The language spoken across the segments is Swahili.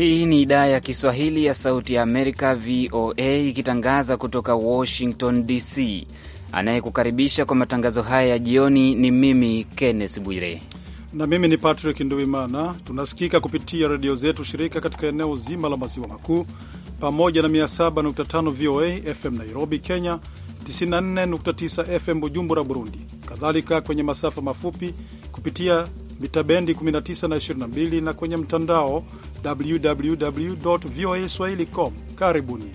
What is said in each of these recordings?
Hii ni idhaa ya Kiswahili ya Sauti ya Amerika, VOA, ikitangaza kutoka Washington DC. Anayekukaribisha kwa matangazo haya ya jioni ni mimi Kenneth Bwire na mimi ni Patrick Nduimana. Tunasikika kupitia redio zetu shirika katika eneo zima la maziwa makuu pamoja na 107.5 VOA FM Nairobi, Kenya, 94.9 FM Bujumbura, Burundi, kadhalika kwenye masafa mafupi kupitia mita bendi 19 na 22 na kwenye mtandao www voa swahili com. Karibuni.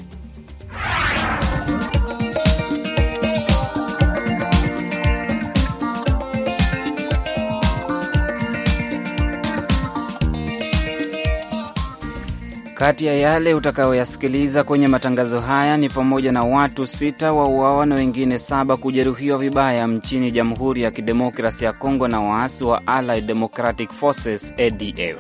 Kati ya yale utakayoyasikiliza kwenye matangazo haya ni pamoja na watu sita wauawa na wengine saba kujeruhiwa vibaya nchini Jamhuri ya Kidemokrasi ya Kongo na waasi wa Allied Democratic Forces ADF.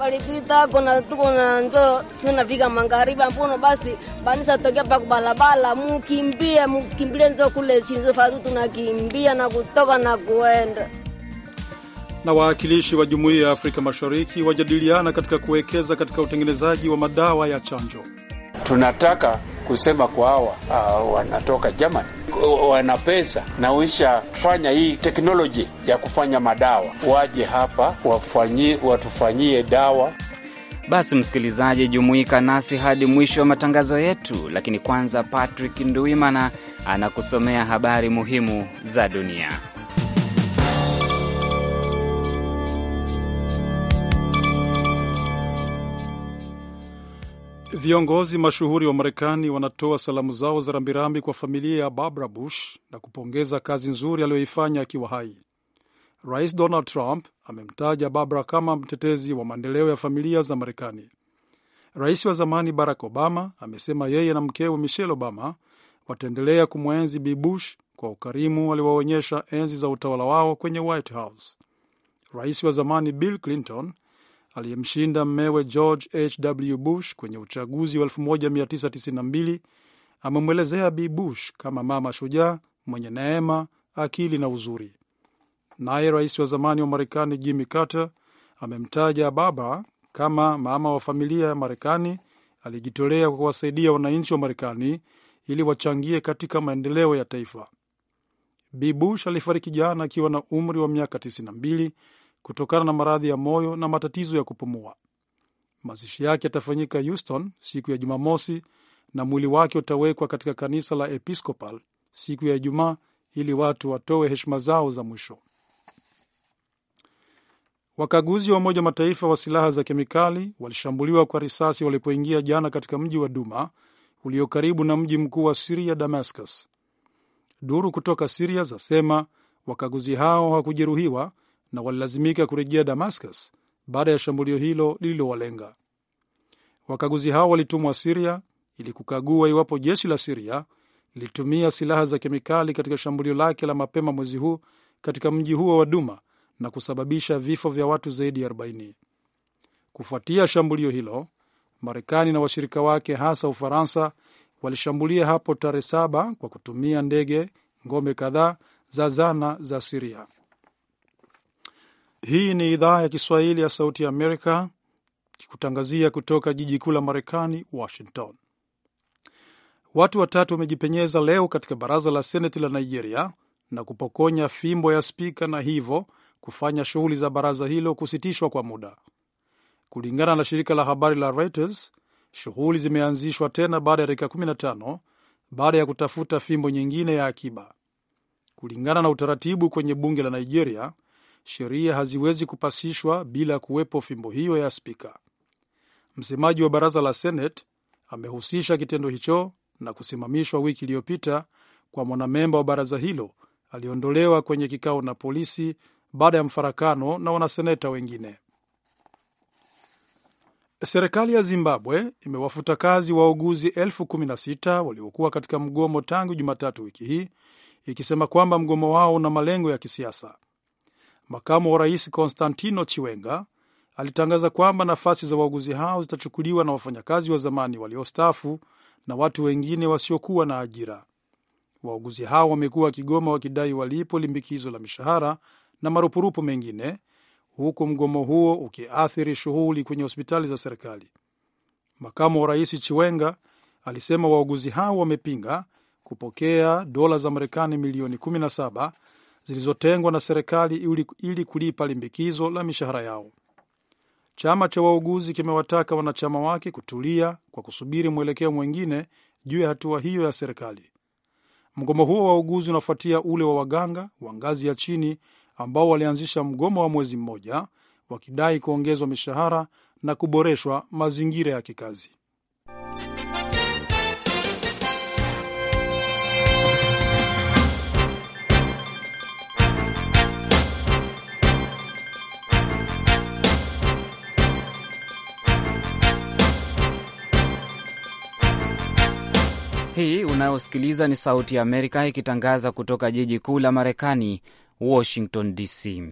Walituita kona tuko na njo tunafika magharibi ampono basi banisa tokea pa kubalabala, mukimbie mukimbie njo kule chinzo fatu tunakimbia na kutoka na kuenda na waakilishi wa Jumuiya ya Afrika Mashariki wajadiliana katika kuwekeza katika utengenezaji wa madawa ya chanjo. Tunataka kusema kwa hawa uh, wanatoka Germany wana pesa na uishafanya hii teknoloji ya kufanya madawa, waje hapa wafanyie, watufanyie dawa. Basi msikilizaji, jumuika nasi hadi mwisho wa matangazo yetu, lakini kwanza Patrick Nduimana anakusomea habari muhimu za dunia. Viongozi mashuhuri wa Marekani wanatoa salamu zao za rambirambi kwa familia ya Barbara Bush na kupongeza kazi nzuri aliyoifanya akiwa hai. Rais Donald Trump amemtaja Barbara kama mtetezi wa maendeleo ya familia za Marekani. Rais wa zamani Barack Obama amesema yeye na mkewe Michelle Obama wataendelea kumwenzi Bi Bush kwa ukarimu aliwaonyesha enzi za utawala wao kwenye White House. Rais wa zamani Bill Clinton aliyemshinda mmewe George H.W. Bush kwenye uchaguzi wa 1992 amemwelezea Bi Bush kama mama shujaa mwenye neema, akili na uzuri. Naye rais wa zamani wa Marekani Jimmy Carter amemtaja Baba kama mama wa familia ya Marekani alijitolea kwa kuwasaidia wananchi wa Marekani ili wachangie katika maendeleo ya taifa. Bi Bush alifariki jana akiwa na umri wa miaka 92 kutokana na maradhi ya moyo na matatizo ya kupumua. Mazishi yake yatafanyika Houston siku ya Jumamosi na mwili wake utawekwa katika kanisa la Episcopal siku ya Ijumaa ili watu watoe heshima zao za mwisho. Wakaguzi wa Umoja Mataifa wa silaha za kemikali walishambuliwa kwa risasi walipoingia jana katika mji wa Duma ulio karibu na mji mkuu wa Siria, Damascus. Duru kutoka Siria zasema wakaguzi hao hawakujeruhiwa na walilazimika kurejea Damascus baada ya shambulio hilo lililowalenga. Wakaguzi hao walitumwa Siria ili kukagua iwapo jeshi la Siria lilitumia silaha za kemikali katika shambulio lake la mapema mwezi huu katika mji huo wa Duma na kusababisha vifo vya watu zaidi ya 40. Kufuatia shambulio hilo, Marekani na washirika wake hasa Ufaransa walishambulia hapo tarehe saba kwa kutumia ndege ngome kadhaa za zana za Siria. Hii ni idhaa ya Kiswahili ya Sauti ya Amerika kikutangazia kutoka jiji kuu la Marekani, Washington. Watu watatu wamejipenyeza leo katika baraza la seneti la Nigeria na kupokonya fimbo ya spika na hivyo kufanya shughuli za baraza hilo kusitishwa kwa muda. Kulingana na shirika la habari la Reuters, shughuli zimeanzishwa tena baada ya dakika 15 baada ya kutafuta fimbo nyingine ya akiba. Kulingana na utaratibu kwenye bunge la Nigeria, sheria haziwezi kupasishwa bila kuwepo fimbo hiyo ya spika. Msemaji wa baraza la Senate amehusisha kitendo hicho na kusimamishwa wiki iliyopita kwa mwanamemba wa baraza hilo aliondolewa kwenye kikao na polisi baada ya mfarakano na wanaseneta wengine. Serikali ya Zimbabwe imewafuta kazi wauguzi elfu kumi na sita waliokuwa katika mgomo tangu Jumatatu wiki hii ikisema kwamba mgomo wao una malengo ya kisiasa. Makamu wa rais Konstantino Chiwenga alitangaza kwamba nafasi za wauguzi hao zitachukuliwa na wafanyakazi wa zamani waliostaafu na watu wengine wasiokuwa na ajira. Wauguzi hao wamekuwa wakigoma wakidai walipo limbikizo la mishahara na marupurupu mengine, huku mgomo huo ukiathiri shughuli kwenye hospitali za serikali. Makamu wa rais Chiwenga alisema wauguzi hao wamepinga kupokea dola za Marekani milioni 17 zilizotengwa na serikali ili kulipa limbikizo la mishahara yao. Chama cha wauguzi kimewataka wanachama wake kutulia kwa kusubiri mwelekeo mwingine juu ya hatua hiyo ya serikali. Mgomo huo wa wauguzi unafuatia ule wa waganga wa ngazi ya chini ambao walianzisha mgomo wa mwezi mmoja wakidai kuongezwa mishahara na kuboreshwa mazingira ya kikazi. Hii unayosikiliza ni Sauti ya Amerika ikitangaza kutoka jiji kuu la Marekani, Washington DC.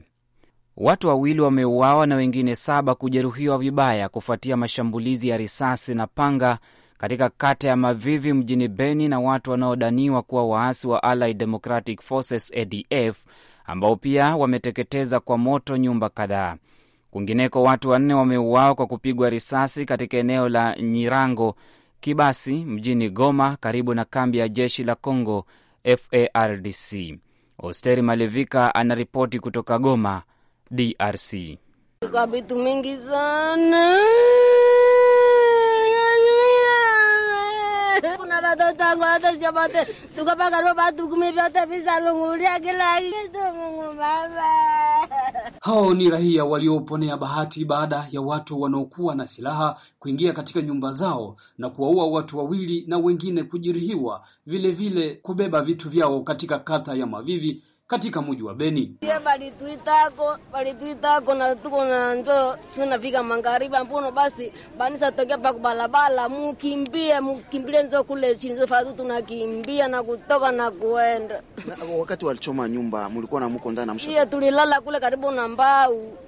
Watu wawili wameuawa na wengine saba kujeruhiwa vibaya kufuatia mashambulizi ya risasi na panga katika kata ya Mavivi mjini Beni na watu wanaodaniwa kuwa waasi wa Allied Democratic Forces ADF ambao pia wameteketeza kwa moto nyumba kadhaa. Kwingineko, watu wanne wameuawa kwa kupigwa risasi katika eneo la Nyirango Kibasi mjini Goma, karibu na kambi ya jeshi la Congo FARDC. Osteri Malevika anaripoti kutoka Goma, DRC. vitu mingi sana Hao ni raia walioponea bahati baada ya watu wanaokuwa na silaha kuingia katika nyumba zao na kuwaua watu wawili na wengine kujeruhiwa, vilevile kubeba vitu vyao katika kata ya Mavivi katika muji wa Beni. balituitako balituitako na tuko na njo tunafika magharibi ambuno basi banisa tokea pa kubalabala, mukimbie mukimbie njo kule chini njo fatu tunakimbia na kutoka na kuenda. Wakati walichoma nyumba mulikuwa na muko ndani na mshauri? Tulilala kule karibu na mbau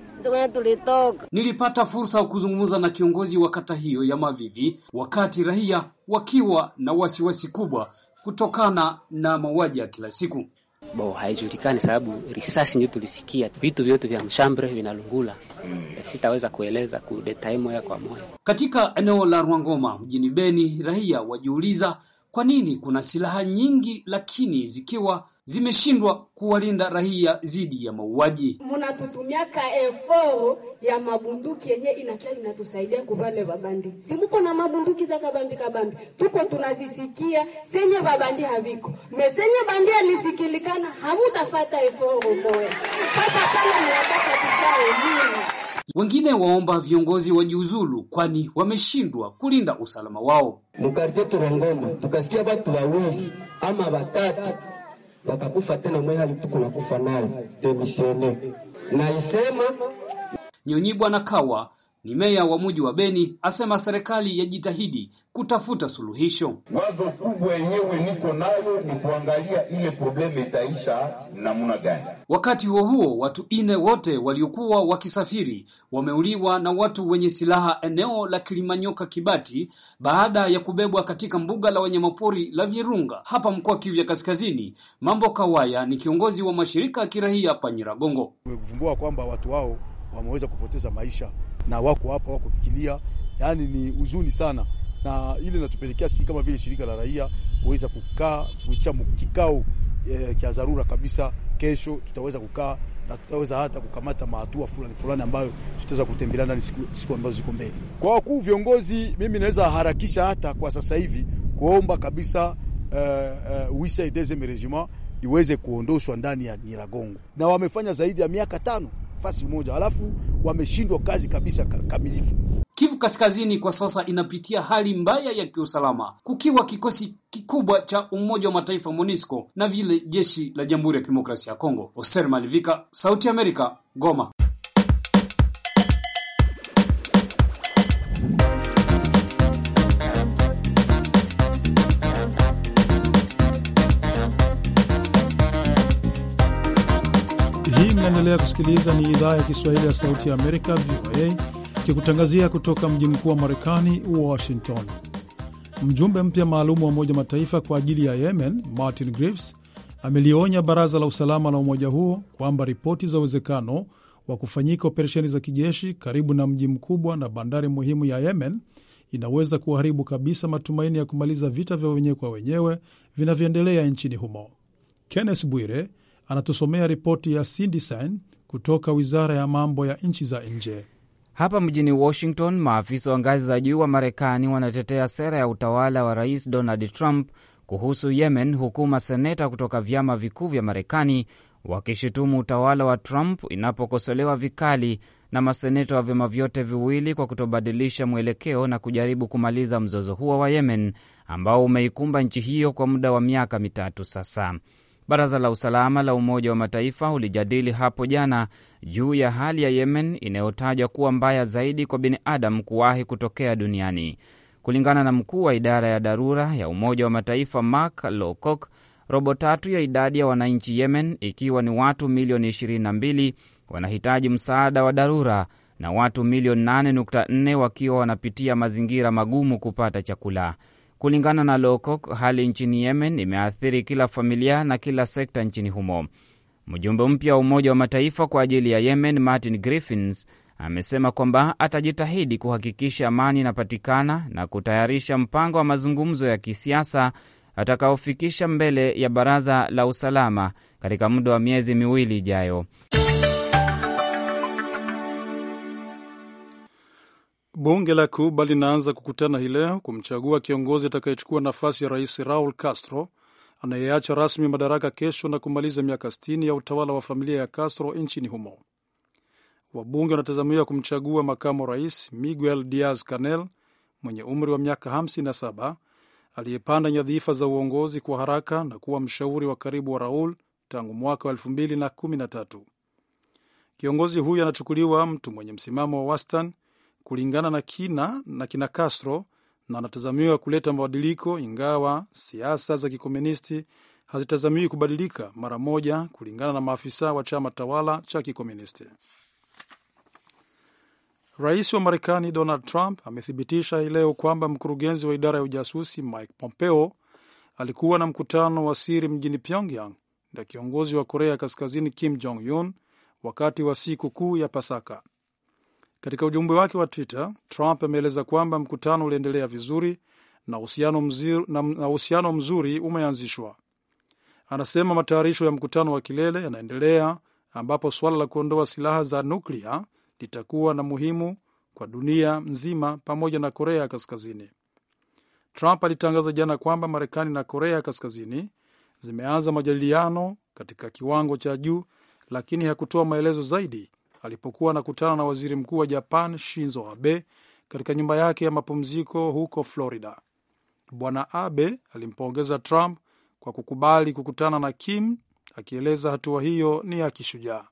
Nilipata fursa ya kuzungumza na kiongozi wa kata hiyo ya Mavivi wakati raia wakiwa na wasiwasi kubwa kutokana na mauaji ya kila siku. Bo, haijulikani sababu risasi ndio tulisikia, vitu vyote vya mshambre vinalungula. Mm. Eh, sitaweza kueleza kudetai moya kwa moya. Katika eneo la Rwangoma mjini Beni, raia wajiuliza kwa nini kuna silaha nyingi lakini zikiwa zimeshindwa kuwalinda raia dhidi ya mauaji? ka efo ya mabunduki yenye inakia inatusaidia kuvale babandi. Simuko na mabunduki za kabambi kabambi, tuko tunazisikia senye babandi haviko mesenye bandi alisikilikana hamutafata efo moya pata mnataka wengine waomba viongozi wajiuzulu, kwani wameshindwa kulinda usalama wao. Mukartie Turongoma tukasikia watu wawili ama watatu wakakufa, tena mwe hali tuko nakufa nayo demisione na isema nyonyibwa na Kawa ni meya wa mji wa Beni asema serikali yajitahidi kutafuta suluhisho. Wazo kubwa yenyewe niko nayo ni kuangalia ile probleme itaisha namna gani. Wakati huo huo, watu ine wote waliokuwa wakisafiri wameuliwa na watu wenye silaha eneo la Kilimanyoka Kibati, baada ya kubebwa katika mbuga la wanyamapori la Virunga hapa mkoa Kivu ya Kaskazini. Mambo Kawaya ni kiongozi wa mashirika ya kirahia hapa Nyiragongo. kwamba watu wao wameweza kupoteza maisha na wako hapa, wako kikilia, yani ni huzuni sana, na ile inatupelekea sisi kama vile shirika la raia kuweza kukaa kuicha kikao e, eh, kia dharura kabisa. Kesho tutaweza kukaa na tutaweza hata kukamata mahatua fulani fulani ambayo tutaweza kutembelea ndani siku, siku ambazo ziko mbele. Kwa wakuu viongozi, mimi naweza harakisha hata kwa sasa hivi kuomba kabisa wisa uh, uh, iweze kuondoshwa ndani ya Nyiragongo, na wamefanya zaidi ya miaka tano nafasi moja, halafu wameshindwa kazi kabisa kamilifu. Kivu Kaskazini kwa sasa inapitia hali mbaya ya kiusalama kukiwa kikosi kikubwa cha Umoja wa Mataifa MONUSCO na vile jeshi la Jamhuri ya Kidemokrasia ya Kongo. Oser Malivika, Sauti ya Amerika, Goma. Unaendelea kusikiliza ni idhaa ya Kiswahili ya Sauti ya Amerika, VOA, ikikutangazia kutoka mji mkuu wa Marekani, Washington. Mjumbe mpya maalum wa Umoja Mataifa kwa ajili ya Yemen, Martin Griffiths, amelionya baraza la usalama la umoja huo kwamba ripoti za uwezekano wa kufanyika operesheni za kijeshi karibu na mji mkubwa na bandari muhimu ya Yemen inaweza kuharibu kabisa matumaini ya kumaliza vita vya wenyewe kwa wenyewe vinavyoendelea nchini humo. Kenneth Bwire anatusomea ripoti ya Cindy Sain kutoka wizara ya mambo ya nchi za nje. Hapa mjini Washington, maafisa wa ngazi za juu wa Marekani wanatetea sera ya utawala wa Rais Donald Trump kuhusu Yemen, huku maseneta kutoka vyama vikuu vya Marekani wakishutumu utawala wa Trump inapokosolewa vikali na maseneta wa vyama vyote viwili kwa kutobadilisha mwelekeo na kujaribu kumaliza mzozo huo wa Yemen ambao umeikumba nchi hiyo kwa muda wa miaka mitatu sasa. Baraza la Usalama la Umoja wa Mataifa ulijadili hapo jana juu ya hali ya Yemen inayotajwa kuwa mbaya zaidi kwa binadamu kuwahi kutokea duniani. Kulingana na mkuu wa idara ya dharura ya Umoja wa Mataifa Mark Lowcock, robo tatu ya idadi ya wananchi Yemen, ikiwa ni watu milioni 22, wanahitaji msaada wa dharura na watu milioni 8.4 wakiwa wanapitia mazingira magumu kupata chakula. Kulingana na Lowcock, hali nchini Yemen imeathiri kila familia na kila sekta nchini humo. Mjumbe mpya wa Umoja wa Mataifa kwa ajili ya Yemen, Martin Griffiths, amesema kwamba atajitahidi kuhakikisha amani inapatikana na kutayarisha mpango wa mazungumzo ya kisiasa atakaofikisha mbele ya Baraza la Usalama katika muda wa miezi miwili ijayo. Bunge la Cuba linaanza kukutana hii leo kumchagua kiongozi atakayechukua nafasi ya rais Raul Castro anayeacha rasmi madaraka kesho na kumaliza miaka 60 ya utawala wa familia ya Castro nchini humo. Wabunge wanatazamiwa kumchagua makamu rais Miguel Diaz Canel mwenye umri wa miaka 57 aliyepanda nyadhifa za uongozi kwa haraka na kuwa mshauri wa karibu wa Raul tangu mwaka wa 2013. Kiongozi huyo anachukuliwa mtu mwenye msimamo wa wastani kulingana na kina na kina Castro na anatazamiwa kuleta mabadiliko, ingawa siasa za kikomunisti hazitazamiwi kubadilika mara moja, kulingana na maafisa wa chama tawala cha kikomunisti. Rais wa Marekani Donald Trump amethibitisha hii leo kwamba mkurugenzi wa idara ya ujasusi Mike Pompeo alikuwa na mkutano wa siri mjini Pyongyang na kiongozi wa Korea Kaskazini Kim Jong Un wakati wa siku kuu ya Pasaka. Katika ujumbe wake wa Twitter, Trump ameeleza kwamba mkutano uliendelea vizuri na uhusiano mzuri, na mzuri umeanzishwa. Anasema matayarisho ya mkutano wa kilele yanaendelea ambapo suala la kuondoa silaha za nuklia litakuwa na muhimu kwa dunia nzima pamoja na Korea ya Kaskazini. Trump alitangaza jana kwamba Marekani na Korea ya Kaskazini zimeanza majadiliano katika kiwango cha juu, lakini hakutoa maelezo zaidi alipokuwa anakutana na waziri mkuu wa Japan Shinzo Abe katika nyumba yake ya mapumziko huko Florida. Bwana Abe alimpongeza Trump kwa kukubali kukutana na Kim, akieleza hatua hiyo ni ya kishujaa.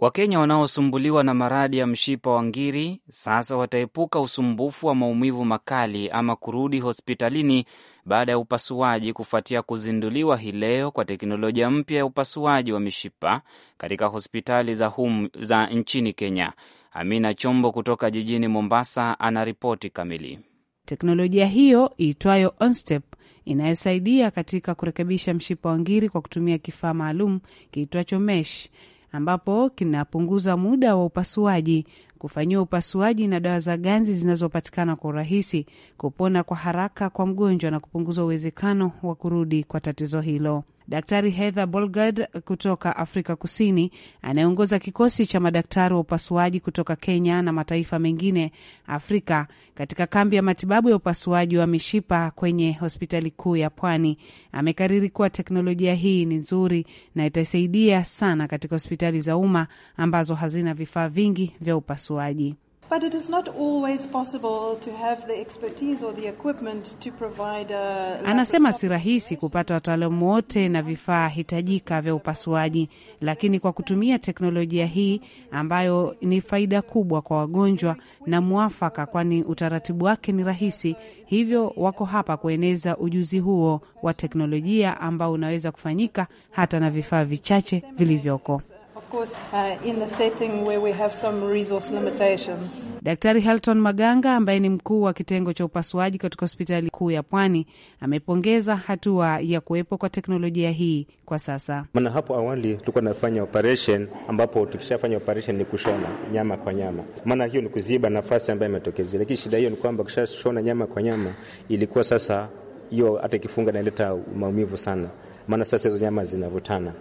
Wakenya wanaosumbuliwa na maradhi ya mshipa wa ngiri sasa wataepuka usumbufu wa maumivu makali ama kurudi hospitalini baada ya upasuaji kufuatia kuzinduliwa hii leo kwa teknolojia mpya ya upasuaji wa mishipa katika hospitali za, hum, za nchini Kenya. Amina Chombo kutoka jijini Mombasa ana ripoti kamili. Teknolojia hiyo iitwayo Onstep inayosaidia katika kurekebisha mshipa wa ngiri kwa kutumia kifaa maalum kiitwacho mesh ambapo kinapunguza muda wa upasuaji kufanyiwa upasuaji na dawa za ganzi zinazopatikana kwa urahisi, kupona kwa haraka kwa mgonjwa na kupunguza uwezekano wa kurudi kwa tatizo hilo. Daktari Heather Bolgard kutoka Afrika Kusini, anayeongoza kikosi cha madaktari wa upasuaji kutoka Kenya na mataifa mengine Afrika katika kambi ya matibabu ya upasuaji wa mishipa kwenye hospitali kuu ya Pwani, amekariri kuwa teknolojia hii ni nzuri na itasaidia sana katika hospitali za umma ambazo hazina vifaa vingi vya upasuaji upasuaji. But it is not always possible to have the expertise or the equipment to provide a... Anasema si rahisi kupata wataalamu wote na vifaa hitajika vya upasuaji, lakini kwa kutumia teknolojia hii ambayo ni faida kubwa kwa wagonjwa na mwafaka, kwani utaratibu wake ni rahisi, hivyo wako hapa kueneza ujuzi huo wa teknolojia ambao unaweza kufanyika hata na vifaa vichache vilivyoko course, uh, in the setting where we have some resource limitations. Daktari Halton Maganga ambaye ni mkuu wa kitengo cha upasuaji katika hospitali kuu ya Pwani amepongeza hatua ya kuwepo kwa teknolojia hii kwa sasa. Maana hapo awali tulikuwa nafanya operation ambapo tukishafanya operation ni kushona nyama kwa nyama, maana hiyo ni kuziba nafasi ambayo imetokeza, lakini shida hiyo ni kwamba ukishashona nyama kwa nyama ilikuwa sasa hiyo hata ikifunga inaleta maumivu sana, maana sasa hizo nyama zinavutana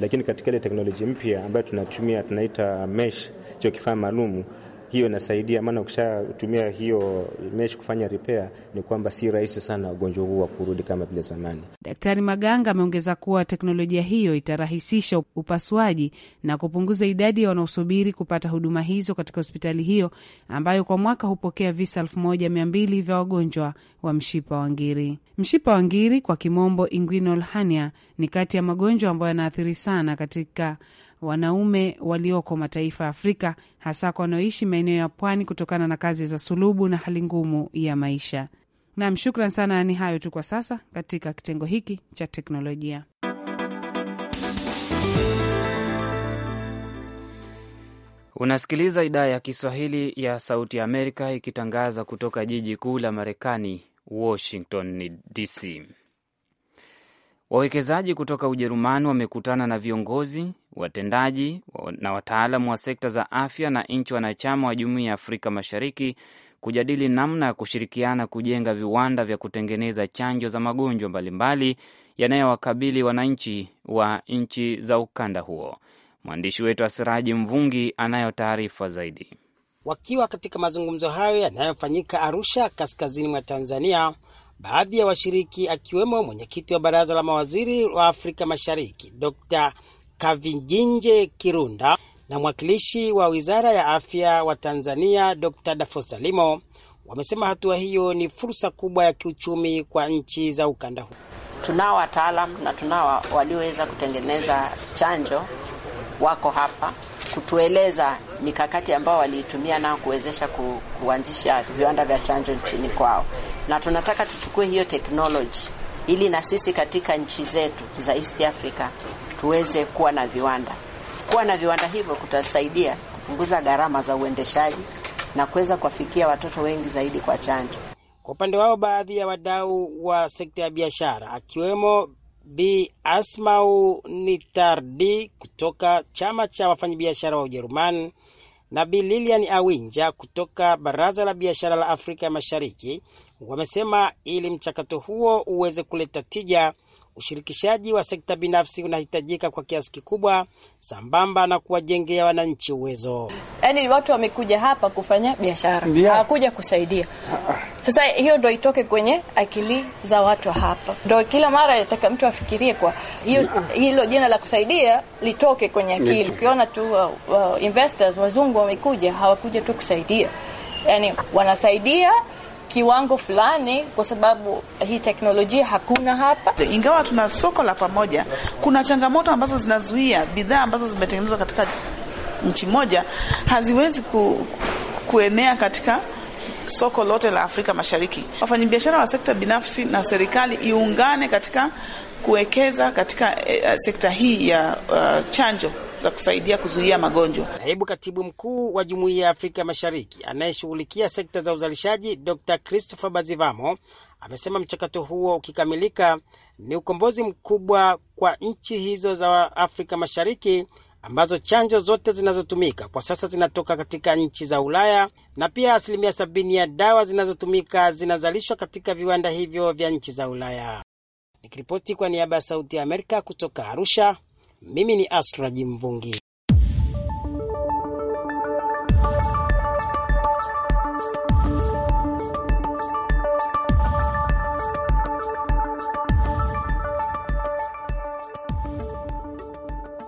lakini katika ile teknolojia mpya ambayo tunatumia tunaita mesh, hicho kifaa maalumu hiyo inasaidia, maana ukishatumia hiyo mesh kufanya repair, ni kwamba si rahisi sana ugonjwa huu wa kurudi kama vile zamani. Daktari Maganga ameongeza kuwa teknolojia hiyo itarahisisha upasuaji na kupunguza idadi ya wanaosubiri kupata huduma hizo katika hospitali hiyo ambayo kwa mwaka hupokea visa elfu moja mia mbili vya wagonjwa wa mshipa wa ngiri. Mshipa wa ngiri kwa kimombo inguinal hernia ni kati ya magonjwa ambayo yanaathiri sana katika wanaume walioko mataifa ya Afrika, hasa kwa wanaoishi maeneo ya pwani, kutokana na kazi za sulubu na hali ngumu ya maisha. Nam, shukran sana. Ni hayo tu kwa sasa katika kitengo hiki cha teknolojia. Unasikiliza idhaa ya Kiswahili ya Sauti ya Amerika ikitangaza kutoka jiji kuu la Marekani, Washington DC. Wawekezaji kutoka Ujerumani wamekutana na viongozi watendaji na wataalamu wa sekta za afya na nchi wanachama wa Jumuiya ya Afrika Mashariki kujadili namna ya kushirikiana kujenga viwanda vya kutengeneza chanjo za magonjwa mbalimbali yanayowakabili wananchi wa nchi za ukanda huo. Mwandishi wetu Asiraji Mvungi anayo taarifa zaidi. Wakiwa katika mazungumzo hayo yanayofanyika Arusha, kaskazini mwa Tanzania, Baadhi ya washiriki akiwemo mwenyekiti wa baraza la mawaziri wa Afrika Mashariki Dr. kavijinje Kirunda na mwakilishi wa wizara ya afya wa Tanzania Dr. dafosalimo wamesema hatua hiyo ni fursa kubwa ya kiuchumi kwa nchi za ukanda huu. Tunao wataalam na tunao walioweza kutengeneza chanjo, wako hapa kutueleza mikakati ambayo waliitumia nao kuwezesha ku, kuanzisha viwanda vya chanjo nchini kwao na tunataka tuchukue hiyo teknoloji ili na sisi katika nchi zetu za East Africa tuweze kuwa na viwanda. Kuwa na viwanda hivyo kutasaidia kupunguza gharama za uendeshaji na kuweza kuwafikia watoto wengi zaidi kwa chanjo. Kwa upande wao, baadhi ya wadau wa sekta ya biashara akiwemo Bi Asmau Nitardi kutoka chama cha wafanyabiashara wa Ujerumani na Bi Lilian Awinja kutoka baraza la biashara la Afrika ya Mashariki Wamesema ili mchakato huo uweze kuleta tija, ushirikishaji wa sekta binafsi unahitajika kwa kiasi kikubwa, sambamba na kuwajengea wananchi uwezo. Yaani watu wamekuja hapa kufanya biashara, hawakuja kusaidia. Sasa hiyo ndo itoke kwenye akili za watu hapa, ndo kila mara nataka mtu afikirie kwa hiyo, hilo jina la kusaidia litoke kwenye akili. Ukiona tu uh, uh, investors wazungu wamekuja, hawakuja tu kusaidia, yaani wanasaidia kiwango fulani, kwa sababu hii teknolojia hakuna hapa. Ingawa tuna soko la pamoja, kuna changamoto ambazo zinazuia bidhaa ambazo zimetengenezwa katika nchi moja haziwezi ku, kuenea katika soko lote la Afrika Mashariki. Wafanyabiashara wa sekta binafsi na serikali iungane katika kuwekeza katika eh, sekta hii ya uh, chanjo za kusaidia kuzuia magonjwa. Naibu katibu mkuu wa Jumuiya ya Afrika Mashariki anayeshughulikia sekta za uzalishaji Dr. Christopher Bazivamo amesema mchakato huo ukikamilika ni ukombozi mkubwa kwa nchi hizo za Afrika Mashariki ambazo chanjo zote zinazotumika kwa sasa zinatoka katika nchi za Ulaya na pia asilimia sabini ya dawa zinazotumika zinazalishwa katika viwanda hivyo vya nchi za Ulaya. Nikiripoti kwa niaba ya Sauti ya Amerika kutoka Arusha, mimi ni asraji Jimvungi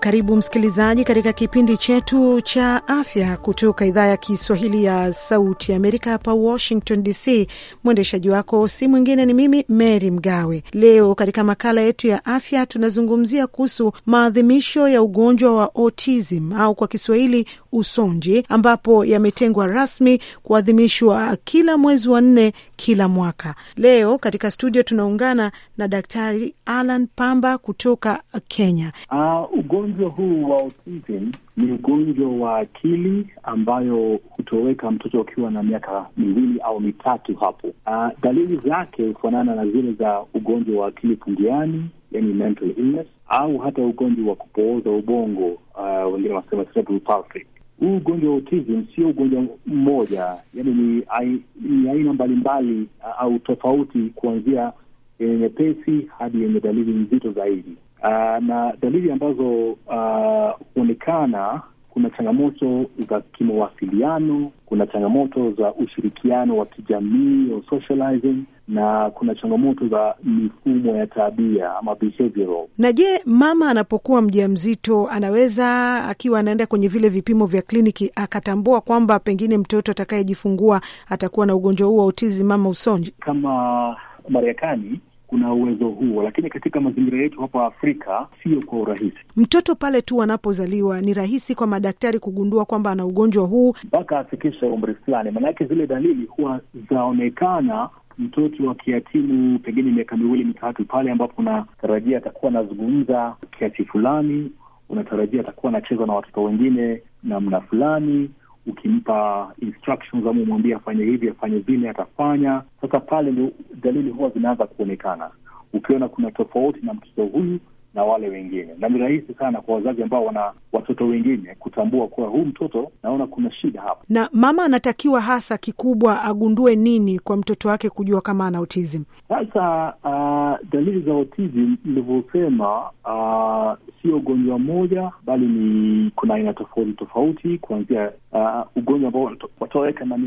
Karibu msikilizaji katika kipindi chetu cha afya kutoka idhaa ya Kiswahili ya Sauti ya Amerika hapa Washington DC. Mwendeshaji wako si mwingine ni mimi Mary Mgawe. Leo katika makala yetu ya afya tunazungumzia kuhusu maadhimisho ya ugonjwa wa autism au kwa Kiswahili usonji, ambapo yametengwa rasmi kuadhimishwa kila mwezi wa nne kila mwaka. Leo katika studio tunaungana na Daktari Alan Pamba kutoka Kenya. Uh, Ugonjwa huu wa autism ni ugonjwa wa akili ambayo hutoweka mtoto akiwa na miaka miwili au mitatu hapo. Uh, dalili zake hufanana na zile za ugonjwa wa akili pungiani, yani mental illness, au hata ugonjwa wa kupooza ubongo, ah, wengine wanasema cerebral palsy. Huu ugonjwa wa autism sio ugonjwa mmoja, yani ni, ai, ni aina mbalimbali ah, au tofauti kuanzia yenye nyepesi hadi yenye dalili nzito zaidi. Uh, na dalili ambazo ah, huonekana uh, kuna changamoto za kimawasiliano, kuna changamoto za ushirikiano wa kijamii au socializing, na kuna changamoto za mifumo ya tabia ama behavioral. Na je, mama anapokuwa mjamzito anaweza akiwa anaenda kwenye vile vipimo vya kliniki akatambua kwamba pengine mtoto atakayejifungua atakuwa na ugonjwa huu wa utizi mama usonji? Kama Marekani kuna uwezo huo, lakini katika mazingira yetu hapa Afrika sio kwa urahisi. Mtoto pale tu anapozaliwa ni rahisi kwa madaktari kugundua kwamba ana ugonjwa huu mpaka afikisha umri fulani, maanake zile dalili huwa zaonekana mtoto akihatimu pengine miaka miwili mitatu, pale ambapo unatarajia atakuwa anazungumza kiasi fulani, unatarajia atakuwa anacheza na watoto wengine namna fulani ukimpa instructions ama umwambia afanye hivi afanye vile atafanya. Sasa pale ndio dalili huwa zinaanza kuonekana, ukiona kuna tofauti na mtoto huyu na wale wengine, na ni rahisi sana kwa wazazi ambao wana watoto wengine kutambua kuwa huu mtoto naona kuna shida hapa. Na mama anatakiwa hasa kikubwa agundue nini kwa mtoto wake kujua kama ana autism? Sasa uh, dalili za autism nilivyosema, uh, sio ugonjwa mmoja, bali ni kuna aina tofauti tofauti, kuanzia uh, ugonjwa ambao watoweka na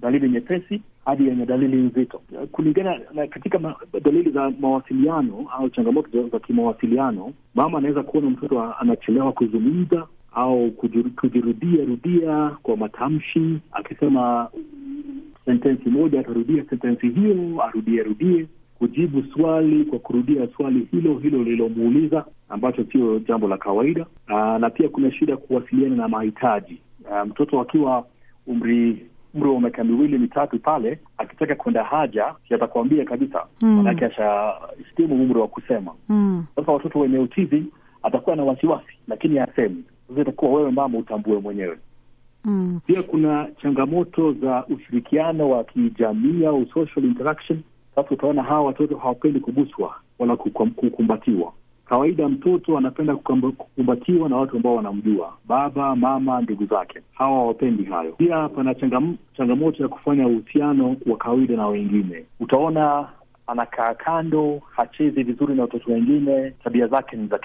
dalili nyepesi hadi yenye dalili nzito, kulingana na katika ma, dalili za mawasiliano au changamoto za kimawasiliano. Mama anaweza kuona mtoto anachelewa kuzungumza au kujirudia rudia kwa matamshi, akisema sentensi moja atarudia sentensi hiyo, arudie rudie, kujibu swali kwa kurudia swali hilo hilo lililomuuliza, ambacho sio jambo la kawaida. na pia kuna shida kuwasiliana na mahitaji. mtoto akiwa umri umri wa miaka miwili mitatu pale, akitaka kwenda haja yatakuambia kabisa, manake hmm. mm. umri wa kusema hmm. sasa. watoto wenye utizi atakuwa na wasiwasi, lakini asemi sasa, itakuwa wewe mama utambue mwenyewe hmm. pia. mm. kuna changamoto za ushirikiano wa kijamii au social interaction. Sasa utaona hawa watoto hawapendi kuguswa wala kukumbatiwa Kawaida mtoto anapenda kukumbatiwa na watu ambao wanamjua, baba, mama, ndugu zake. Hawa hawapendi hayo. Pia pana changam, changamoto ya kufanya uhusiano wa kawaida na wengine. Utaona anakaa kando, hachezi vizuri na watoto wengine, tabia zake ni za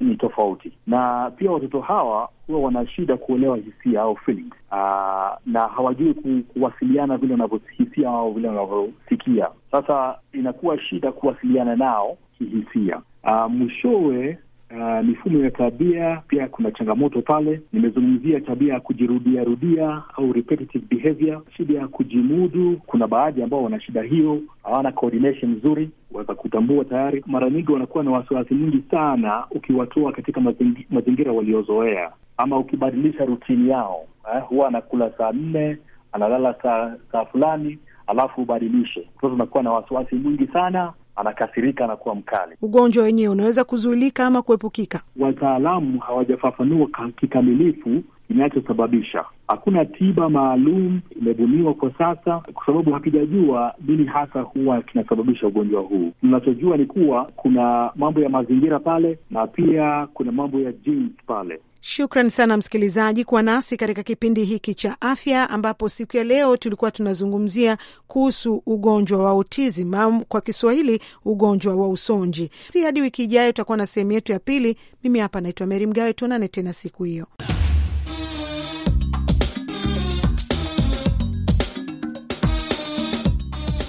ni tofauti. Na pia watoto hawa huwa wana shida kuelewa hisia au feelings, ah, na hawajui ku, kuwasiliana vile wanavyohisia au vile wanavyosikia. Sasa inakuwa shida kuwasiliana nao kihisia. Uh, mwishowe uh, mifumo ya tabia pia kuna changamoto pale. Nimezungumzia tabia ya kujirudia rudia au repetitive behavior, shida ya kujimudu. Kuna baadhi ambao wana shida hiyo, hawana coordination nzuri waweza kutambua tayari. Mara nyingi wanakuwa na wasiwasi mwingi sana ukiwatoa katika mazingira waliozoea, ama ukibadilisha rutini yao eh, huwa anakula saa nne analala saa saa fulani, alafu ubadilishe, mtoto na wasiwasi mwingi sana anakasirika na kuwa mkali. Ugonjwa wenyewe unaweza kuzuilika ama kuepukika? Wataalamu hawajafafanua kikamilifu kinachosababisha. Hakuna tiba maalum imebuniwa kwa sasa, kwa sababu hakijajua nini hasa huwa kinasababisha ugonjwa huu. Tunachojua ni kuwa kuna mambo ya mazingira pale na pia kuna mambo ya genes pale Shukran sana msikilizaji kuwa nasi katika kipindi hiki cha afya, ambapo siku ya leo tulikuwa tunazungumzia kuhusu ugonjwa wa autism au kwa Kiswahili ugonjwa wa usonji. Si hadi wiki ijayo tutakuwa na sehemu yetu ya pili. Mimi hapa naitwa Meri Mgawe, tuonane tena siku hiyo.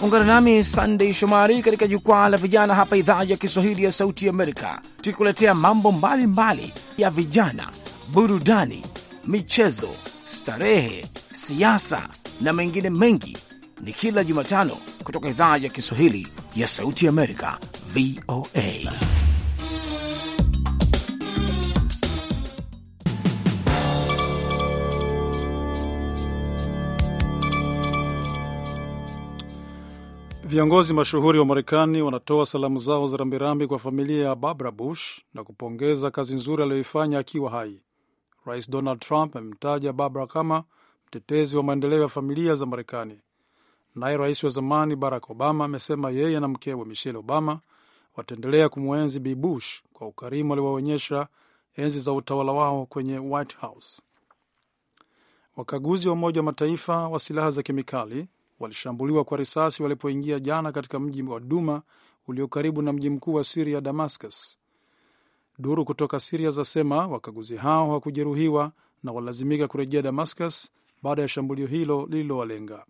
Ungana nami Sandey Shomari katika jukwaa la vijana hapa idhaa ya Kiswahili ya Sauti Amerika, tukikuletea mambo mbalimbali mbali ya vijana burudani, michezo, starehe, siasa na mengine mengi ni kila Jumatano kutoka idhaa ya Kiswahili ya Sauti Amerika, VOA. Viongozi mashuhuri wa Marekani wanatoa salamu zao za rambirambi kwa familia ya Barbara Bush na kupongeza kazi nzuri aliyoifanya akiwa hai. Rais Donald Trump amemtaja Barbara kama mtetezi wa maendeleo ya familia za Marekani. Naye rais wa zamani Barack Obama amesema yeye na mkewe Michelle Obama wataendelea kumwenzi Bi Bush kwa ukarimu aliowaonyesha enzi za utawala wao kwenye White House. Wakaguzi wa Umoja wa Mataifa wa silaha za kemikali walishambuliwa kwa risasi walipoingia jana katika mji wa Duma ulio karibu na mji mkuu wa Siria, Damascus. Duru kutoka Siria zasema wakaguzi hao hawakujeruhiwa na walilazimika kurejea Damascus baada ya shambulio hilo lililowalenga.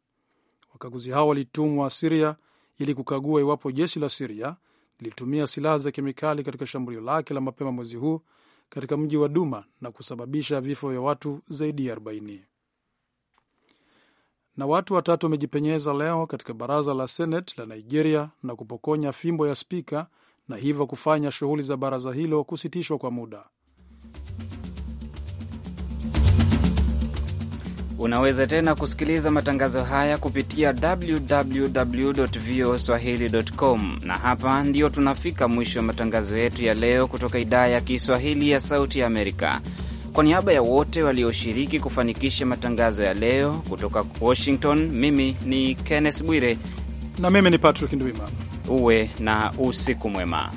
Wakaguzi hao walitumwa Siria ili kukagua iwapo jeshi la Siria lilitumia silaha za kemikali katika shambulio lake la mapema mwezi huu katika mji wa Duma na kusababisha vifo vya watu zaidi ya 40. Na watu watatu wamejipenyeza leo katika baraza la Senate la Nigeria na kupokonya fimbo ya spika na hivyo kufanya shughuli za baraza hilo kusitishwa kwa muda. Unaweza tena kusikiliza matangazo haya kupitia www voa swahili.com. Na hapa ndio tunafika mwisho wa matangazo yetu ya leo kutoka idhaa ya Kiswahili ya Sauti ya Amerika. Kwa niaba ya wote walioshiriki kufanikisha matangazo ya leo kutoka Washington, mimi ni Kenneth Bwire na mimi ni Patrick Ndwima uwe na usiku mwema.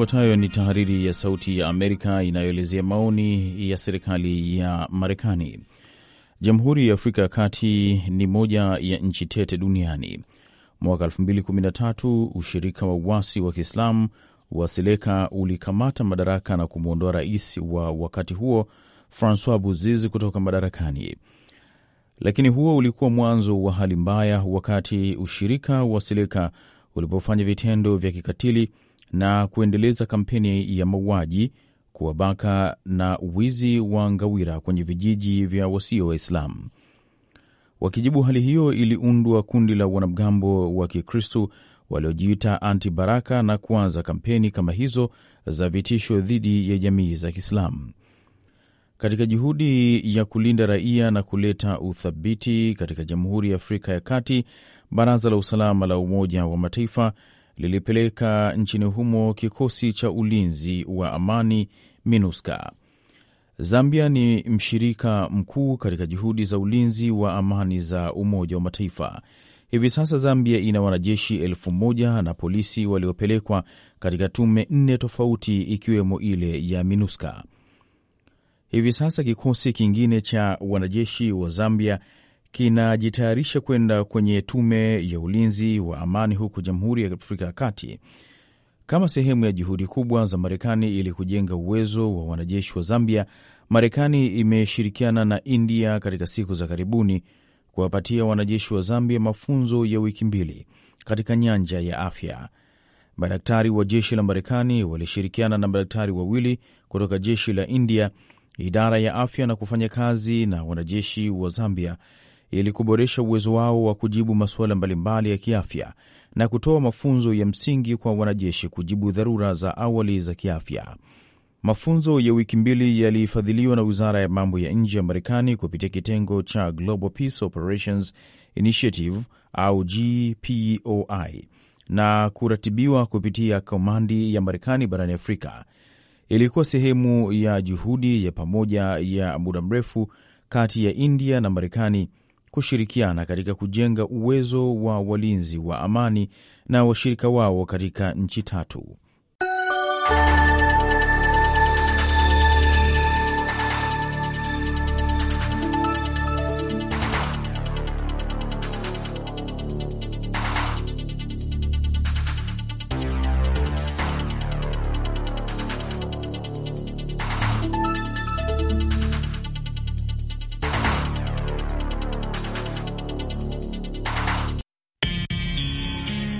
Ifuatayo ni tahariri ya Sauti ya Amerika inayoelezea maoni ya serikali ya Marekani. Jamhuri ya Afrika ya Kati ni moja ya nchi tete duniani. Mwaka 2013 ushirika wa uasi wa Kiislamu wa Seleka ulikamata madaraka na kumwondoa rais wa wakati huo Francois Bozize kutoka madarakani, lakini huo ulikuwa mwanzo wa hali mbaya, wakati ushirika wa Seleka ulipofanya vitendo vya kikatili na kuendeleza kampeni ya mauaji, kuwabaka na wizi wa ngawira kwenye vijiji vya wasio Waislamu. Wakijibu hali hiyo, iliundwa kundi la wanamgambo wa Kikristu waliojiita Anti Baraka na kuanza kampeni kama hizo za vitisho dhidi ya jamii za Kiislamu. Katika juhudi ya kulinda raia na kuleta uthabiti katika Jamhuri ya Afrika ya Kati, Baraza la Usalama la Umoja wa Mataifa lilipeleka nchini humo kikosi cha ulinzi wa amani MINUSCA. Zambia ni mshirika mkuu katika juhudi za ulinzi wa amani za Umoja wa Mataifa. Hivi sasa Zambia ina wanajeshi elfu moja na polisi waliopelekwa katika tume nne tofauti ikiwemo ile ya MINUSCA. Hivi sasa kikosi kingine cha wanajeshi wa Zambia kinajitayarisha kwenda kwenye tume ya ulinzi wa amani huko Jamhuri ya Afrika ya Kati kama sehemu ya juhudi kubwa za Marekani ili kujenga uwezo wa wanajeshi wa Zambia. Marekani imeshirikiana na India katika siku za karibuni kuwapatia wanajeshi wa Zambia mafunzo ya wiki mbili katika nyanja ya afya. Madaktari wa jeshi la Marekani walishirikiana na madaktari wawili kutoka jeshi la India, idara ya afya, na kufanya kazi na wanajeshi wa Zambia ili kuboresha uwezo wao wa kujibu masuala mbalimbali ya kiafya na kutoa mafunzo ya msingi kwa wanajeshi kujibu dharura za awali za kiafya. Mafunzo ya wiki mbili yalifadhiliwa na Wizara ya Mambo ya Nje ya Marekani kupitia kitengo cha Global Peace Operations Initiative au GPOI na kuratibiwa kupitia komandi ya Marekani barani Afrika. Ilikuwa sehemu ya juhudi ya pamoja ya muda mrefu kati ya India na Marekani kushirikiana katika kujenga uwezo wa walinzi wa amani na washirika wao katika nchi tatu.